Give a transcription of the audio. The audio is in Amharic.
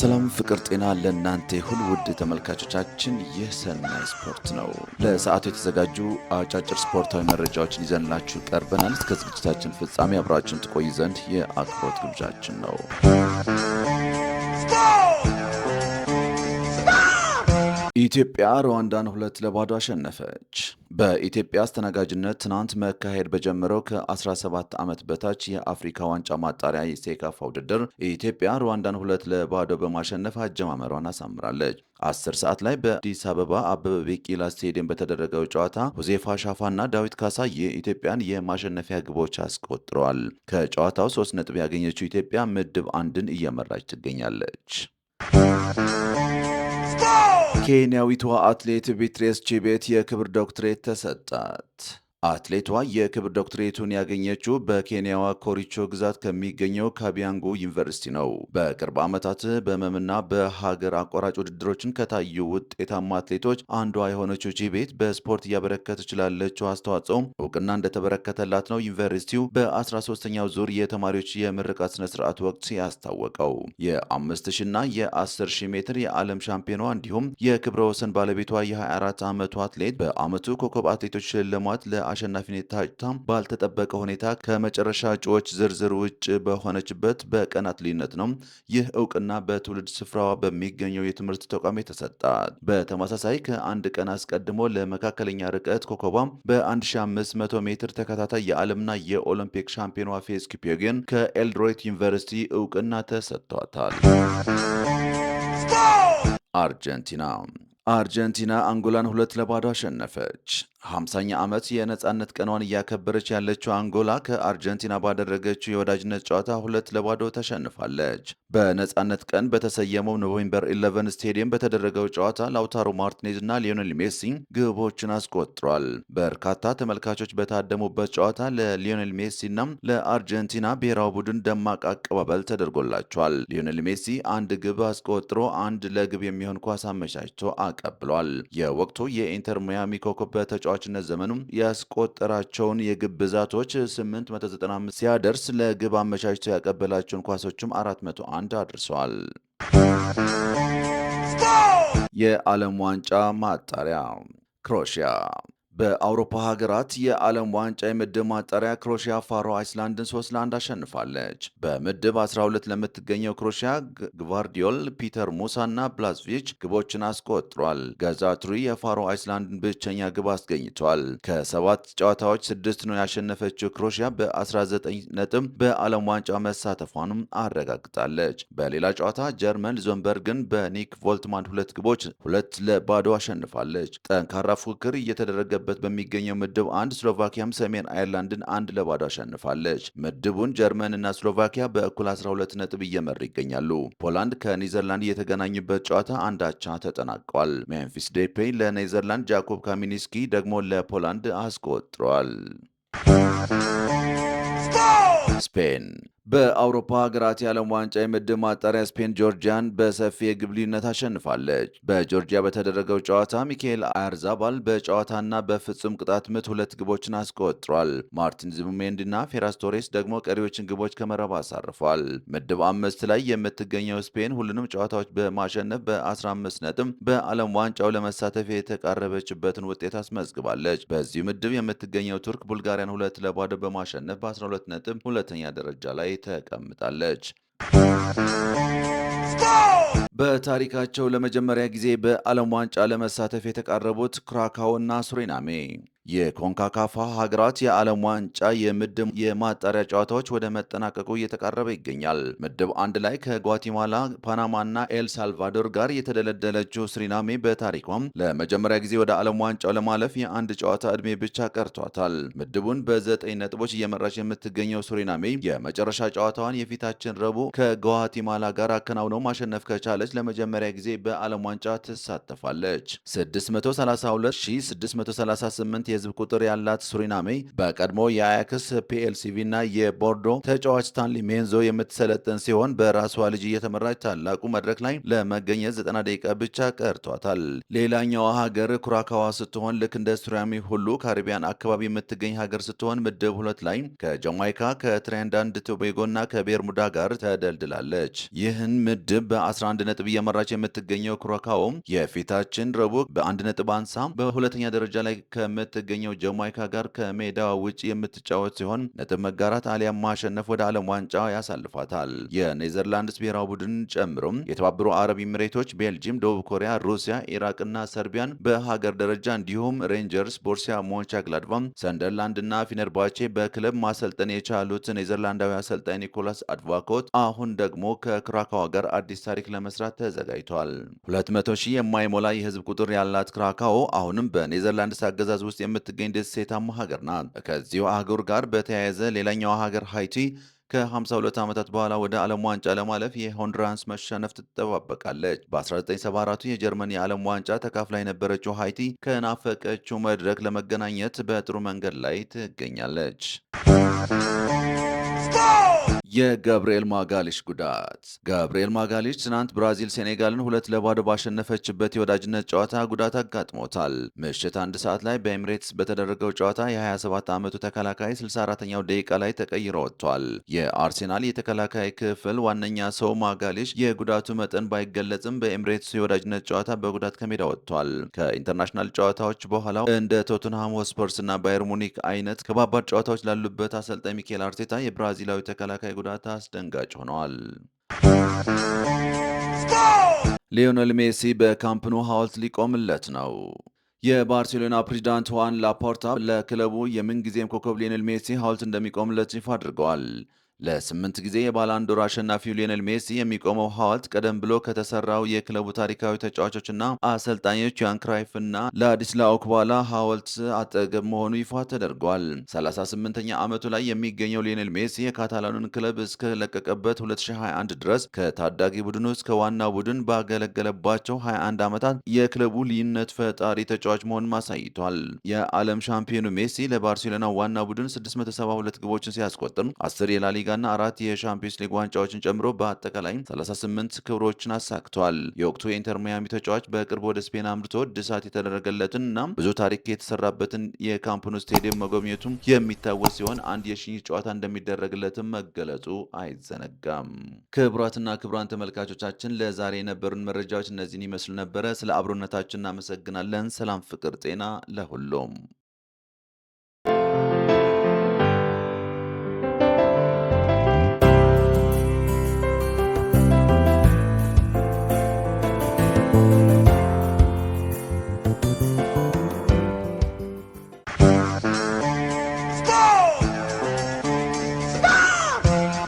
ሰላም ፍቅር ጤና ለእናንተ ይሁን ውድ ተመልካቾቻችን፣ ይህ ሰናይ ስፖርት ነው። ለሰዓቱ የተዘጋጁ አጫጭር ስፖርታዊ መረጃዎችን ይዘንላችሁ ቀርበናል። እስከ ዝግጅታችን ፍጻሜ አብራችን ትቆይ ዘንድ የአክብሮት ግብዣችን ነው። ኢትዮጵያ ሩዋንዳን ሁለት ለባዶ አሸነፈች። በኢትዮጵያ አስተናጋጅነት ትናንት መካሄድ በጀመረው ከ17 ዓመት በታች የአፍሪካ ዋንጫ ማጣሪያ የሴካፋ ውድድር ኢትዮጵያ ሩዋንዳን ሁለት ለባዶ በማሸነፍ አጀማመሯን አሳምራለች። አስር ሰዓት ላይ በአዲስ አበባ አበበ ቢቂላ ስቴዲየም በተደረገው ጨዋታ ሁዜፋ ሻፋና ዳዊት ካሳ የኢትዮጵያን የማሸነፊያ ግቦች አስቆጥረዋል። ከጨዋታው ሶስት ነጥብ ያገኘችው ኢትዮጵያ ምድብ አንድን እየመራች ትገኛለች። ኬንያዊቷ አትሌት ቢትሬስ ቺቤት የክብር ዶክትሬት ተሰጣት። አትሌቷ የክብር ዶክትሬቱን ያገኘችው በኬንያዋ ኮሪቾ ግዛት ከሚገኘው ካቢያንጉ ዩኒቨርሲቲ ነው። በቅርብ ዓመታት በመምና በሀገር አቋራጭ ውድድሮችን ከታዩ ውጤታማ አትሌቶች አንዷ የሆነችው ጂቤት በስፖርት እያበረከተች ላለችው አስተዋጽኦም እውቅና እንደተበረከተላት ነው ዩኒቨርሲቲው በ13ኛው ዙር የተማሪዎች የምርቃት ስነ ስርዓት ወቅት ያስታወቀው። የ5000 እና የ10000 ሜትር የዓለም ሻምፒዮኗ እንዲሁም የክብረ ወሰን ባለቤቷ የ24 ዓመቱ አትሌት በዓመቱ ኮከብ አትሌቶች ሽልማት ለ አሸናፊነት ታጭታ ባልተጠበቀ ሁኔታ ከመጨረሻ እጩዎች ዝርዝር ውጭ በሆነችበት በቀናት ልዩነት ነው። ይህ እውቅና በትውልድ ስፍራዋ በሚገኘው የትምህርት ተቋም ተሰጣት። በተመሳሳይ ከአንድ ቀን አስቀድሞ ለመካከለኛ ርቀት ኮከቧ በ1500 ሜትር ተከታታይ የዓለምና የኦሎምፒክ ሻምፒዮኗ ፌዝ ኪፒዮጌን ከኤልድሮይት ዩኒቨርሲቲ እውቅና ተሰጥቷታል። አርጀንቲና አርጀንቲና አንጎላን ሁለት ለባዶ አሸነፈች። ሀምሳኛ ዓመት የነፃነት ቀኗን እያከበረች ያለችው አንጎላ ከአርጀንቲና ባደረገችው የወዳጅነት ጨዋታ ሁለት ለባዶ ተሸንፋለች። በነጻነት ቀን በተሰየመው ኖቬምበር 11 ስቴዲየም በተደረገው ጨዋታ ላውታሮ ማርቲኔዝ እና ሊዮኔል ሜሲ ግቦችን አስቆጥሯል። በርካታ ተመልካቾች በታደሙበት ጨዋታ ለሊዮኔል ሜሲ እና ለአርጀንቲና ብሔራዊ ቡድን ደማቅ አቀባበል ተደርጎላቸዋል። ሊዮኔል ሜሲ አንድ ግብ አስቆጥሮ አንድ ለግብ የሚሆን ኳስ አመቻችቶ አቀብሏል። የወቅቱ የኢንተር ሚያሚ ኮከብ ተጫዋችነት ዘመኑም ያስቆጠራቸውን የግብ ብዛቶች 895 ሲያደርስ ለግብ አመቻችቶ ያቀበላቸውን ኳሶችም 401 አድርሰዋል። የዓለም ዋንጫ ማጣሪያ ክሮሽያ። በአውሮፓ ሀገራት የዓለም ዋንጫ የምድብ ማጣሪያ ክሮሺያ ፋሮ አይስላንድን ሶስት ለአንድ አሸንፋለች። በምድብ 12 ለምትገኘው ክሮሺያ ግቫርዲዮል፣ ፒተር ሙሳ እና ብላዝቪች ግቦችን አስቆጥሯል። ጋዛቱሪ የፋሮ አይስላንድን ብቸኛ ግብ አስገኝቷል። ከሰባት ጨዋታዎች ስድስት ነው ያሸነፈችው ክሮሺያ በ19 ነጥብ በዓለም ዋንጫ መሳተፏንም አረጋግጣለች። በሌላ ጨዋታ ጀርመን ሉክሰምበርግን በኒክ ቮልትማን ሁለት ግቦች ሁለት ለባዶ አሸንፋለች። ጠንካራ ፉክክር እየተደረገ እየተካሄደበት በሚገኘው ምድብ አንድ ስሎቫኪያም ሰሜን አየርላንድን አንድ ለባዶ አሸንፋለች። ምድቡን ጀርመን እና ስሎቫኪያ በእኩል 12 ነጥብ እየመሩ ይገኛሉ። ፖላንድ ከኔዘርላንድ የተገናኙበት ጨዋታ አንዳቻ ተጠናቋል። ሜምፊስ ዴፔይ ለኔዘርላንድ፣ ጃኮብ ካሚኒስኪ ደግሞ ለፖላንድ አስቆጥሯል። ስፔን በአውሮፓ ሀገራት የዓለም ዋንጫ የምድብ ማጣሪያ ስፔን ጆርጂያን በሰፊ የግብ ልዩነት አሸንፋለች። በጆርጂያ በተደረገው ጨዋታ ሚካኤል አያርዛባል በጨዋታና በፍጹም ቅጣት ምት ሁለት ግቦችን አስቆጥሯል። ማርቲን ዙቢሜንዲና ፌራስ ቶሬስ ደግሞ ቀሪዎችን ግቦች ከመረብ አሳርፏል። ምድብ አምስት ላይ የምትገኘው ስፔን ሁሉንም ጨዋታዎች በማሸነፍ በ15 ነጥብ በዓለም ዋንጫው ለመሳተፍ የተቃረበችበትን ውጤት አስመዝግባለች። በዚሁ ምድብ የምትገኘው ቱርክ ቡልጋሪያን ሁለት ለባዶ በማሸነፍ በ12 ነጥብ ሁለተኛ ደረጃ ላይ ተቀምጣለች። በታሪካቸው ለመጀመሪያ ጊዜ በዓለም ዋንጫ ለመሳተፍ የተቃረቡት እና ሱሪናሜ የኮንካካፋ ሀገራት የዓለም ዋንጫ የምድብ የማጣሪያ ጨዋታዎች ወደ መጠናቀቁ እየተቃረበ ይገኛል። ምድብ አንድ ላይ ከጓቲማላ ፓናማና ኤል ሳልቫዶር ጋር የተደለደለችው ስሪናሜ በታሪኳም ለመጀመሪያ ጊዜ ወደ ዓለም ዋንጫው ለማለፍ የአንድ ጨዋታ ዕድሜ ብቻ ቀርቷታል። ምድቡን በዘጠኝ ነጥቦች እየመራች የምትገኘው ሱሪናሜ የመጨረሻ ጨዋታዋን የፊታችን ረቡዕ ከጓቲማላ ጋር አከናውነው ማሸነፍ ከቻለች ለመጀመሪያ ጊዜ በዓለም ዋንጫ ትሳተፋለች። 632,638 የህዝብ ቁጥር ያላት ሱሪናሜ በቀድሞ የአያክስ ፒኤልሲቪ የቦርዶ ተጫዋች ስታንሊ ሜንዞ የምትሰለጥን ሲሆን በራሷ ልጅ እየተመራች ታላቁ መድረክ ላይ ለመገኘት ዘጠና ደቂቃ ብቻ ቀርቷታል። ሌላኛዋ ሀገር ኩራካዋ ስትሆን ልክ እንደ ሱሪናሚ ሁሉ ካሪቢያን አካባቢ የምትገኝ ሀገር ስትሆን ምድብ ሁለት ላይ ከጃማይካ ከትራንዳንድ ቶቤጎና ከቤርሙዳ ጋር ተደልድላለች። ይህን ምድብ በ11 ነጥብ እየመራች የምትገኘው ኩራካውም የፊታችን ረቡዕ በአንድ ነጥብ አንሳ በሁለተኛ ደረጃ ላይ ከምትገ ከምትገኘው ጀማይካ ጋር ከሜዳዋ ውጭ የምትጫወት ሲሆን ነጥብ መጋራት አሊያም ማሸነፍ ወደ ዓለም ዋንጫ ያሳልፋታል። የኔዘርላንድስ ብሔራዊ ቡድን ጨምሮም የተባበሩ አረብ ኤሚሬቶች፣ ቤልጂየም፣ ደቡብ ኮሪያ፣ ሩሲያ፣ ኢራቅና ሰርቢያን በሀገር ደረጃ እንዲሁም ሬንጀርስ፣ ቦርሲያ ሞንቻግላድባ፣ ሰንደርላንድ እና ፊነርባቼ በክለብ ማሰልጠን የቻሉት ኔዘርላንዳዊ አሰልጣኝ ኒኮላስ አድቫኮት አሁን ደግሞ ከክራካዋ ጋር አዲስ ታሪክ ለመስራት ተዘጋጅቷል። 200 ሺህ የማይሞላ የህዝብ ቁጥር ያላት ክራካዎ አሁንም በኔዘርላንድስ አገዛዝ ውስጥ የምትገኝ ደሴታማ ሀገር ናት። ከዚሁ አህጉር ጋር በተያያዘ ሌላኛዋ ሀገር ሃይቲ ከ52 ዓመታት በኋላ ወደ ዓለም ዋንጫ ለማለፍ የሆንዱራስ መሸነፍ ትጠባበቃለች። በ1974 የጀርመን የዓለም ዋንጫ ተካፍላ የነበረችው ሃይቲ ከናፈቀችው መድረክ ለመገናኘት በጥሩ መንገድ ላይ ትገኛለች። የገብርኤል ማጋሌሽ ጉዳት። ገብርኤል ማጋሌሽ ትናንት ብራዚል ሴኔጋልን ሁለት ለባዶ ባሸነፈችበት የወዳጅነት ጨዋታ ጉዳት አጋጥሞታል። ምሽት አንድ ሰዓት ላይ በኤሚሬትስ በተደረገው ጨዋታ የ27 ዓመቱ ተከላካይ 64ኛው ደቂቃ ላይ ተቀይሮ ወጥቷል። የአርሴናል የተከላካይ ክፍል ዋነኛ ሰው ማጋሌሽ የጉዳቱ መጠን ባይገለጽም በኤምሬትስ የወዳጅነት ጨዋታ በጉዳት ከሜዳ ወጥቷል። ከኢንተርናሽናል ጨዋታዎች በኋላ እንደ ቶትንሃም ሆስፐርስ እና ባየር ሙኒክ አይነት ከባባድ ጨዋታዎች ላሉበት አሰልጣኝ ሚኬል አርቴታ የብራዚላዊ ተከላካይ ጉዳት ጉዳት አስደንጋጭ ሆነዋል። ሊዮነል ሜሲ በካምፕኑ ሐውልት ሊቆምለት ነው። የባርሴሎና ፕሬዚዳንት ዋን ላፖርታ ለክለቡ የምንጊዜም ኮከብ ሊዮኔል ሜሲ ሐውልት እንደሚቆምለት ይፋ አድርገዋል። ለስምንት ጊዜ የባላንዶር አሸናፊው ሊዮኔል ሜሲ የሚቆመው ሐውልት ቀደም ብሎ ከተሰራው የክለቡ ታሪካዊ ተጫዋቾችና አሰልጣኞች ዮሃን ክራይፍና ላዲስላው ኩባላ ሐውልት አጠገብ መሆኑ ይፋ ተደርጓል። 38ኛ ዓመቱ ላይ የሚገኘው ሊዮኔል ሜሲ የካታላኑን ክለብ እስከለቀቀበት 2021 ድረስ ከታዳጊ ቡድኑ እስከ ዋና ቡድን ባገለገለባቸው 21 ዓመታት የክለቡ ልዩነት ፈጣሪ ተጫዋች መሆኑን አሳይቷል። የዓለም ሻምፒዮኑ ሜሲ ለባርሴሎና ዋና ቡድን 672 ግቦችን ሲያስቆጥር 10 የላሊ ሊጋና አራት የሻምፒዮንስ ሊግ ዋንጫዎችን ጨምሮ በአጠቃላይ 38 ክብሮችን አሳክቷል። የወቅቱ የኢንተር ሚያሚ ተጫዋች በቅርብ ወደ ስፔን አምርቶ እድሳት የተደረገለትን እና ብዙ ታሪክ የተሰራበትን የካምፕኑ ስቴዲየም መጎብኘቱም የሚታወስ ሲሆን አንድ የሽኝት ጨዋታ እንደሚደረግለትም መገለጹ አይዘነጋም። ክቡራትና ክቡራን ተመልካቾቻችን ለዛሬ የነበሩን መረጃዎች እነዚህን ይመስሉ ነበረ። ስለ አብሮነታችን እናመሰግናለን። ሰላም፣ ፍቅር፣ ጤና ለሁሉም